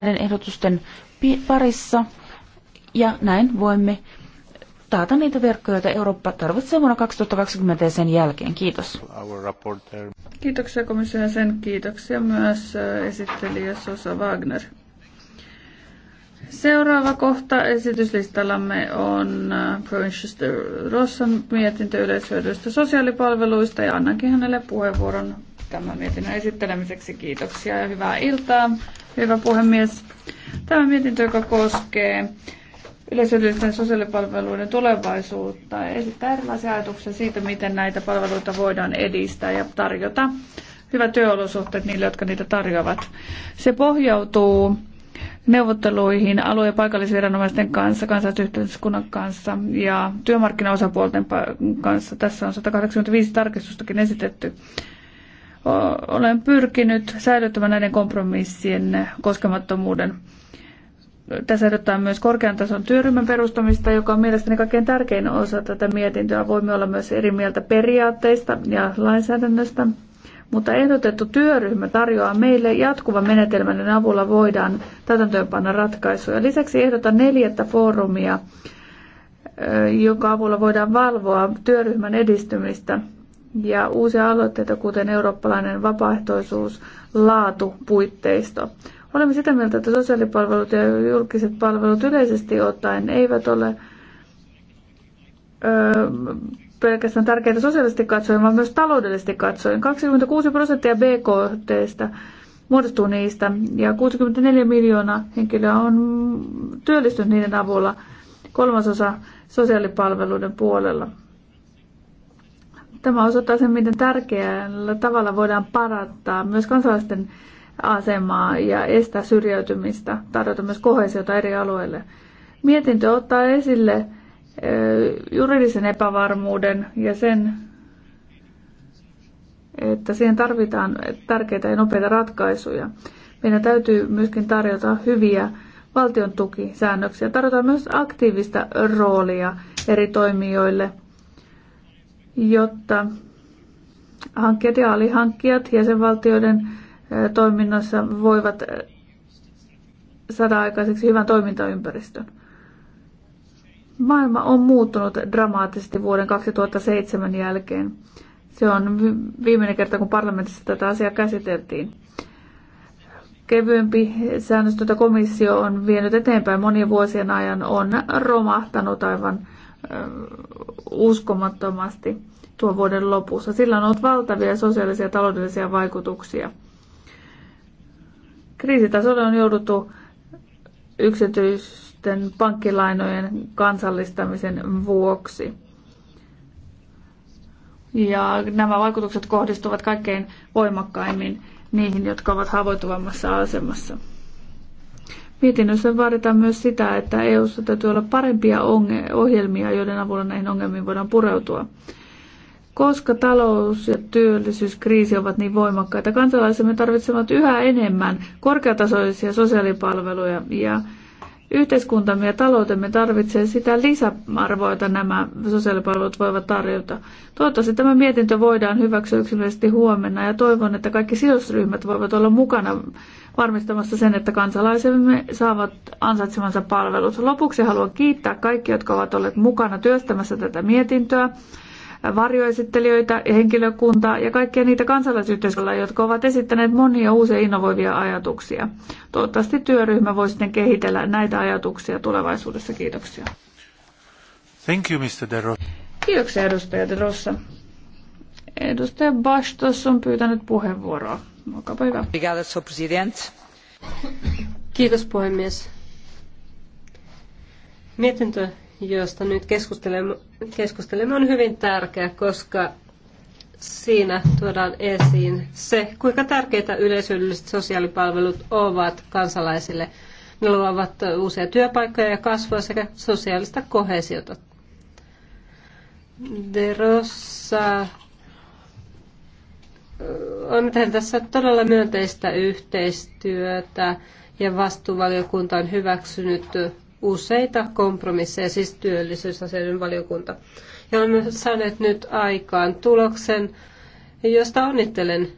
näiden ehdotusten parissa ja näin voimme taata niitä verkkoja, joita Eurooppa tarvitsee vuonna 2020 ja sen jälkeen. Kiitos. Kiitoksia komissio sen. Kiitoksia myös äh, esittelijä Sosa Wagner. Seuraava kohta esityslistallamme on äh, Provincial Rossan mietintö yleishyödyistä sosiaalipalveluista ja annankin hänelle puheenvuoron tämän mietinnön esittelemiseksi. Kiitoksia ja hyvää iltaa, hyvä puhemies. Tämä mietintö, joka koskee yleisöllisten sosiaalipalveluiden tulevaisuutta, esittää erilaisia ajatuksia siitä, miten näitä palveluita voidaan edistää ja tarjota. Hyvät työolosuhteet niille, jotka niitä tarjoavat. Se pohjautuu neuvotteluihin alue- ja paikallisviranomaisten kanssa, kansalaisyhteiskunnan kanssa ja työmarkkinaosapuolten kanssa. Tässä on 185 tarkistustakin esitetty olen pyrkinyt säilyttämään näiden kompromissien koskemattomuuden. Tässä ehdotetaan myös korkean tason työryhmän perustamista, joka on mielestäni kaikkein tärkein osa tätä mietintöä. Voimme olla myös eri mieltä periaatteista ja lainsäädännöstä, mutta ehdotettu työryhmä tarjoaa meille jatkuvan menetelmän, jonka avulla voidaan täytäntöönpanna ratkaisuja. Lisäksi ehdotan neljättä foorumia, jonka avulla voidaan valvoa työryhmän edistymistä ja uusia aloitteita, kuten eurooppalainen vapaaehtoisuus, laatu, puitteisto. Olemme sitä mieltä, että sosiaalipalvelut ja julkiset palvelut yleisesti ottaen eivät ole öö, pelkästään tärkeitä sosiaalisesti katsoen, vaan myös taloudellisesti katsoen. 26 prosenttia BKTstä muodostuu niistä ja 64 miljoonaa henkilöä on työllistynyt niiden avulla kolmasosa sosiaalipalveluiden puolella. Tämä osoittaa sen, miten tärkeällä tavalla voidaan parantaa myös kansalaisten asemaa ja estää syrjäytymistä, tarjota myös kohesiota eri alueille. Mietintö ottaa esille juridisen epävarmuuden ja sen, että siihen tarvitaan tärkeitä ja nopeita ratkaisuja. Meidän täytyy myöskin tarjota hyviä valtion tukisäännöksiä. Tarjotaan myös aktiivista roolia eri toimijoille – jotta hankkeet ja alihankkijat jäsenvaltioiden toiminnassa voivat saada aikaiseksi hyvän toimintaympäristön. Maailma on muuttunut dramaattisesti vuoden 2007 jälkeen. Se on viimeinen kerta, kun parlamentissa tätä asiaa käsiteltiin. Kevyempi säännöstö, jota komissio on vienyt eteenpäin monien vuosien ajan, on romahtanut aivan uskomattomasti tuon vuoden lopussa. Sillä on ollut valtavia sosiaalisia ja taloudellisia vaikutuksia. Kriisitasolle on jouduttu yksityisten pankkilainojen kansallistamisen vuoksi. Ja nämä vaikutukset kohdistuvat kaikkein voimakkaimmin niihin, jotka ovat haavoittuvammassa asemassa. Mietinnössä vaaditaan myös sitä, että EU:ssa täytyy olla parempia ohjelmia, joiden avulla näihin ongelmiin voidaan pureutua. Koska talous- ja työllisyyskriisi ovat niin voimakkaita, kansalaisemme tarvitsevat yhä enemmän korkeatasoisia sosiaalipalveluja ja Yhteiskuntamme ja taloutemme tarvitsee sitä lisäarvoa, jota nämä sosiaalipalvelut voivat tarjota. Toivottavasti tämä mietintö voidaan hyväksyä yksimielisesti huomenna ja toivon, että kaikki sidosryhmät voivat olla mukana varmistamassa sen, että kansalaisemme saavat ansaitsemansa palvelut. Lopuksi haluan kiittää kaikki, jotka ovat olleet mukana työstämässä tätä mietintöä varjoesittelijöitä, henkilökuntaa ja kaikkia niitä kansalaisyhteiskuntaa, jotka ovat esittäneet monia uusia innovoivia ajatuksia. Toivottavasti työryhmä voi sitten kehitellä näitä ajatuksia tulevaisuudessa. Kiitoksia. Thank you, Mr. De Rossa. Kiitoksia, edustaja De Rossa. Edustaja Bastos on pyytänyt puheenvuoroa. Olkaapa hyvä. Kiitos puhemies. Mietintö josta nyt keskustelemme, keskustelemme, on hyvin tärkeä, koska siinä tuodaan esiin se, kuinka tärkeitä yleishyödylliset sosiaalipalvelut ovat kansalaisille. Ne luovat uusia työpaikkoja ja kasvua sekä sosiaalista kohesiota. De Rossa on tehnyt tässä todella myönteistä yhteistyötä ja vastuuvaliokunta on hyväksynyt useita kompromisseja, siis työllisyysasioiden valiokunta. Ja olemme saaneet nyt aikaan tuloksen, josta onnittelen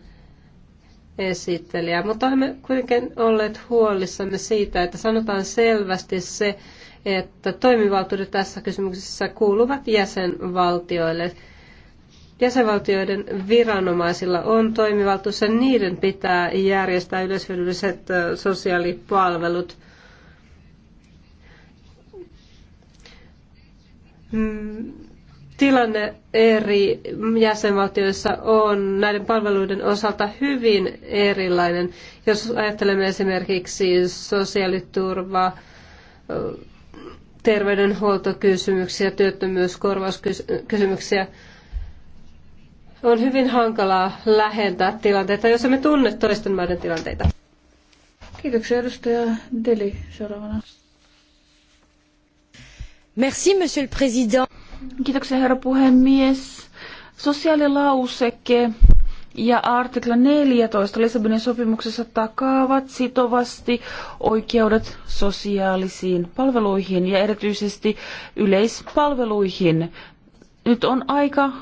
esittelijää, mutta olemme kuitenkin olleet huolissamme siitä, että sanotaan selvästi se, että toimivaltuudet tässä kysymyksessä kuuluvat jäsenvaltioille. Jäsenvaltioiden viranomaisilla on toimivaltuus ja niiden pitää järjestää yleishyödylliset sosiaalipalvelut – Mm, tilanne eri jäsenvaltioissa on näiden palveluiden osalta hyvin erilainen. Jos ajattelemme esimerkiksi sosiaaliturvaa, terveydenhuoltokysymyksiä, työttömyyskorvauskysymyksiä, on hyvin hankalaa lähentää tilanteita, jos emme tunne toisten maiden tilanteita. Kiitoksia edustaja Deli seuraavana monsieur le président. Kiitoksia, herra puhemies. Sosiaalilauseke ja artikla 14 Lissabonin sopimuksessa takaavat sitovasti oikeudet sosiaalisiin palveluihin ja erityisesti yleispalveluihin. Nyt on aika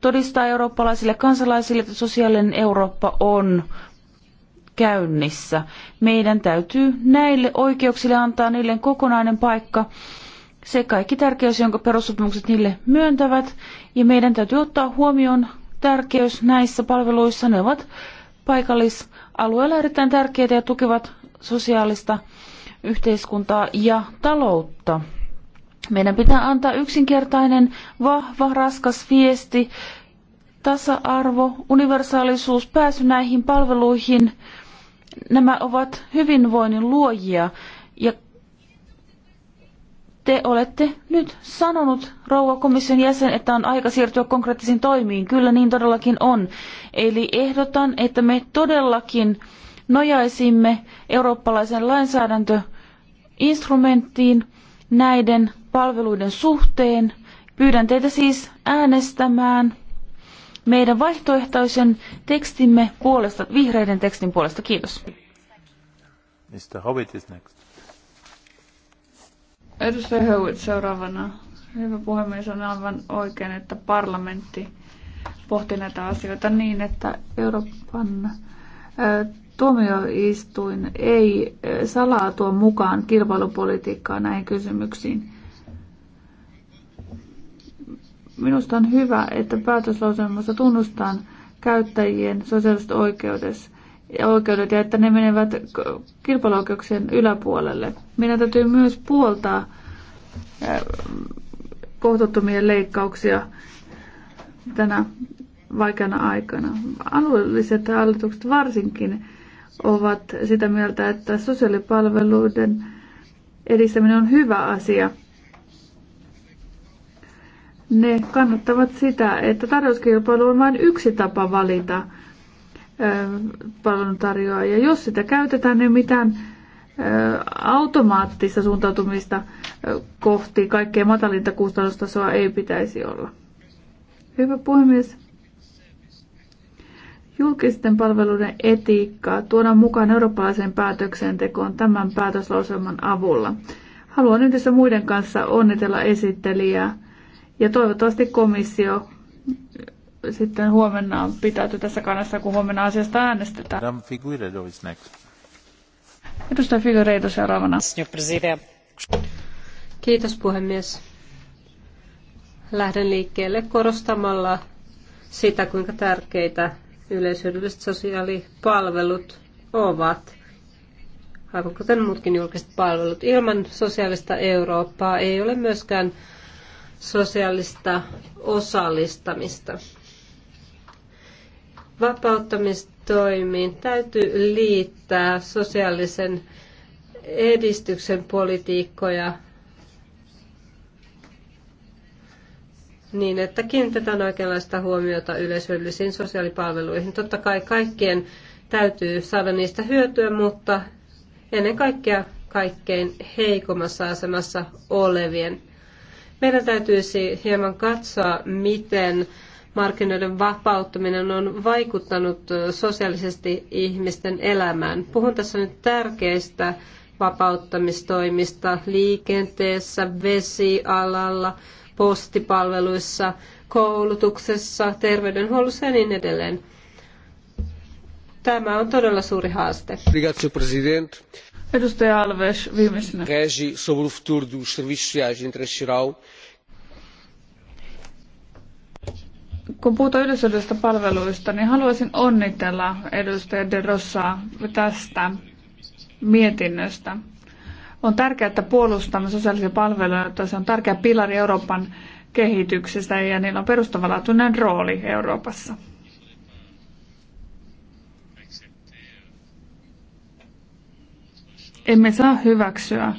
todistaa eurooppalaisille kansalaisille, että sosiaalinen Eurooppa on käynnissä. Meidän täytyy näille oikeuksille antaa niille kokonainen paikka se kaikki tärkeys, jonka perussopimukset niille myöntävät, ja meidän täytyy ottaa huomioon tärkeys näissä palveluissa. Ne ovat paikallisalueella erittäin tärkeitä ja tukevat sosiaalista yhteiskuntaa ja taloutta. Meidän pitää antaa yksinkertainen, vahva, raskas viesti, tasa-arvo, universaalisuus, pääsy näihin palveluihin. Nämä ovat hyvinvoinnin luojia ja te olette nyt sanonut, rouva komission jäsen, että on aika siirtyä konkreettisiin toimiin. Kyllä niin todellakin on. Eli ehdotan, että me todellakin nojaisimme eurooppalaisen lainsäädäntöinstrumenttiin näiden palveluiden suhteen. Pyydän teitä siis äänestämään meidän vaihtoehtoisen tekstimme puolesta, vihreiden tekstin puolesta. Kiitos. Mr. is next. Edustaja Höyt seuraavana. Hyvä puhemies, on aivan oikein, että parlamentti pohti näitä asioita niin, että Euroopan tuomioistuin ei salaa tuo mukaan kilpailupolitiikkaa näihin kysymyksiin. Minusta on hyvä, että päätöslauselmassa tunnustaan käyttäjien sosiaaliset oikeudet oikeudet ja että ne menevät kilpailuoikeuksien yläpuolelle. Minä täytyy myös puoltaa kohtuuttomia leikkauksia tänä vaikeana aikana. Alueelliset hallitukset varsinkin ovat sitä mieltä, että sosiaalipalveluiden edistäminen on hyvä asia. Ne kannattavat sitä, että tarjouskilpailu on vain yksi tapa valita ja Jos sitä käytetään, niin mitään automaattista suuntautumista kohti kaikkea matalinta kustannustasoa ei pitäisi olla. Hyvä puhemies. Julkisten palveluiden etiikkaa tuodaan mukaan eurooppalaiseen päätöksentekoon tämän päätöslauselman avulla. Haluan yhdessä muiden kanssa onnitella esittelijää ja toivottavasti komissio sitten huomenna pitäyty tässä kannassa, kun huomenna asiasta äänestetään. Madame Figueiredo is next. Edustaja Figueiredo seuraavana. Kiitos puhemies. Lähden liikkeelle korostamalla sitä, kuinka tärkeitä yleishyödylliset sosiaalipalvelut ovat, aivan kuten muutkin julkiset palvelut. Ilman sosiaalista Eurooppaa ei ole myöskään sosiaalista osallistamista vapauttamistoimiin täytyy liittää sosiaalisen edistyksen politiikkoja niin, että kiinnitetään oikeanlaista huomiota yleishyödyllisiin sosiaalipalveluihin. Totta kai kaikkien täytyy saada niistä hyötyä, mutta ennen kaikkea kaikkein heikommassa asemassa olevien. Meidän täytyisi hieman katsoa, miten markkinoiden vapauttaminen on vaikuttanut sosiaalisesti ihmisten elämään. Puhun tässä nyt tärkeistä vapauttamistoimista liikenteessä, vesialalla, postipalveluissa, koulutuksessa, terveydenhuollossa ja niin edelleen. Tämä on todella suuri haaste. president. Edustaja Alves, viimeisenä. Regi sobre o futuro dos serviços sociais kun puhutaan yleisöllisistä palveluista, niin haluaisin onnitella edustaja De Rossaa tästä mietinnöstä. On tärkeää, että puolustamme sosiaalisia palveluja, että se on tärkeä pilari Euroopan kehityksestä ja niillä on perustavanlaatuinen rooli Euroopassa. Emme saa hyväksyä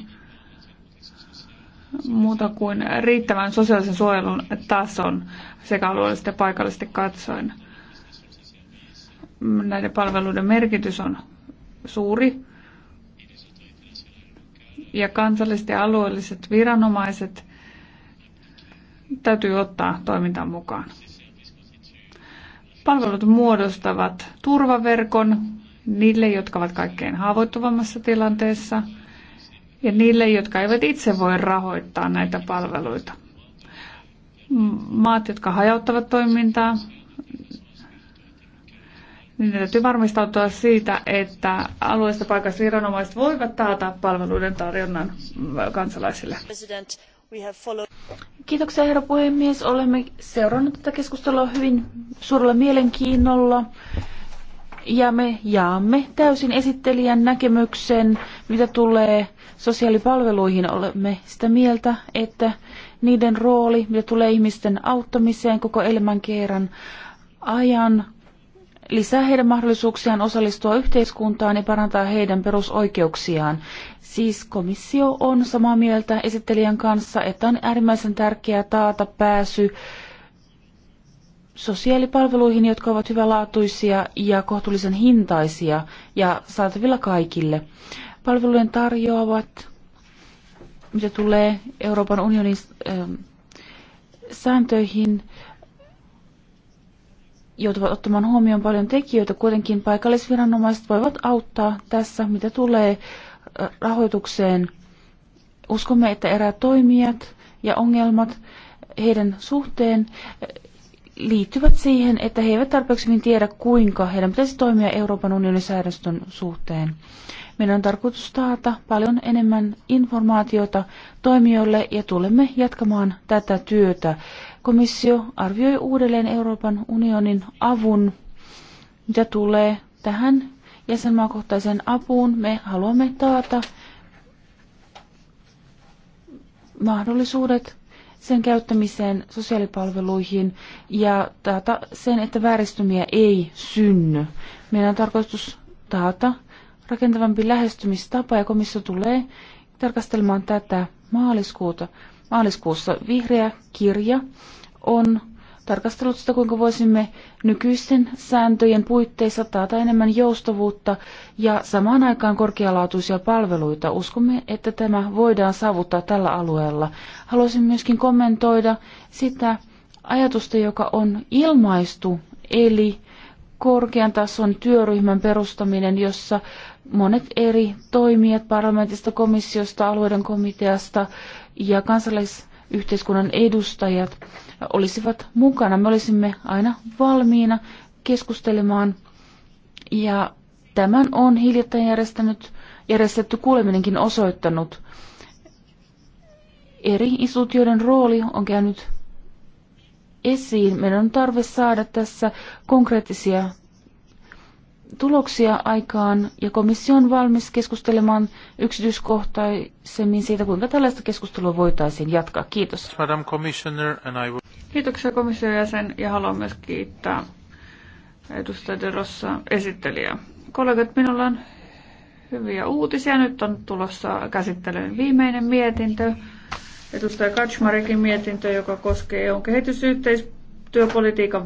muuta kuin riittävän sosiaalisen suojelun tason sekä alueellisesti ja paikallisesti katsoen. Näiden palveluiden merkitys on suuri ja kansalliset ja alueelliset viranomaiset täytyy ottaa toimintaan mukaan. Palvelut muodostavat turvaverkon niille, jotka ovat kaikkein haavoittuvammassa tilanteessa – ja niille, jotka eivät itse voi rahoittaa näitä palveluita. Maat, jotka hajauttavat toimintaa, niin täytyy varmistautua siitä, että alueesta paikassa viranomaiset voivat taata palveluiden tarjonnan kansalaisille. Kiitoksia herra puhemies. Olemme seuranneet tätä keskustelua hyvin suurella mielenkiinnolla ja me jaamme täysin esittelijän näkemyksen, mitä tulee sosiaalipalveluihin. Olemme sitä mieltä, että niiden rooli, mitä tulee ihmisten auttamiseen koko elämänkerran ajan, lisää heidän mahdollisuuksiaan osallistua yhteiskuntaan ja parantaa heidän perusoikeuksiaan. Siis komissio on samaa mieltä esittelijän kanssa, että on äärimmäisen tärkeää taata pääsy sosiaalipalveluihin, jotka ovat hyvälaatuisia ja kohtuullisen hintaisia ja saatavilla kaikille. Palvelujen tarjoavat, mitä tulee Euroopan unionin ähm, sääntöihin, joutuvat ottamaan huomioon paljon tekijöitä. Kuitenkin paikallisviranomaiset voivat auttaa tässä, mitä tulee äh, rahoitukseen. Uskomme, että erää toimijat ja ongelmat heidän suhteen äh, liittyvät siihen, että he eivät tarpeeksi hyvin tiedä, kuinka heidän pitäisi toimia Euroopan unionin säädöstön suhteen. Meidän on tarkoitus taata paljon enemmän informaatiota toimijoille ja tulemme jatkamaan tätä työtä. Komissio arvioi uudelleen Euroopan unionin avun, mitä tulee tähän jäsenmaakohtaiseen apuun. Me haluamme taata mahdollisuudet sen käyttämiseen sosiaalipalveluihin ja taata sen, että vääristymiä ei synny. Meidän on tarkoitus taata rakentavampi lähestymistapa ja komissio tulee tarkastelemaan tätä maaliskuuta. Maaliskuussa vihreä kirja on tarkastelusta, kuinka voisimme nykyisten sääntöjen puitteissa taata enemmän joustavuutta ja samaan aikaan korkealaatuisia palveluita. Uskomme, että tämä voidaan saavuttaa tällä alueella. Haluaisin myöskin kommentoida sitä ajatusta, joka on ilmaistu, eli korkean tason työryhmän perustaminen, jossa monet eri toimijat parlamentista, komissiosta, alueiden komiteasta ja kansallis- yhteiskunnan edustajat olisivat mukana. Me olisimme aina valmiina keskustelemaan ja tämän on hiljattain järjestänyt, järjestetty kuuleminenkin osoittanut. Eri instituutioiden rooli on käynyt esiin. Meidän on tarve saada tässä konkreettisia tuloksia aikaan ja komissio on valmis keskustelemaan yksityiskohtaisemmin siitä, kuinka tällaista keskustelua voitaisiin jatkaa. Kiitos. Madam Commissioner, and I will... Kiitoksia komission jäsen ja haluan myös kiittää edustaja De Rossa esittelijää. Kollegat, minulla on hyviä uutisia. Nyt on tulossa käsittelyyn viimeinen mietintö, edustaja Kaczmarikin mietintö, joka koskee eu kehitysyhteistyöpolitiikan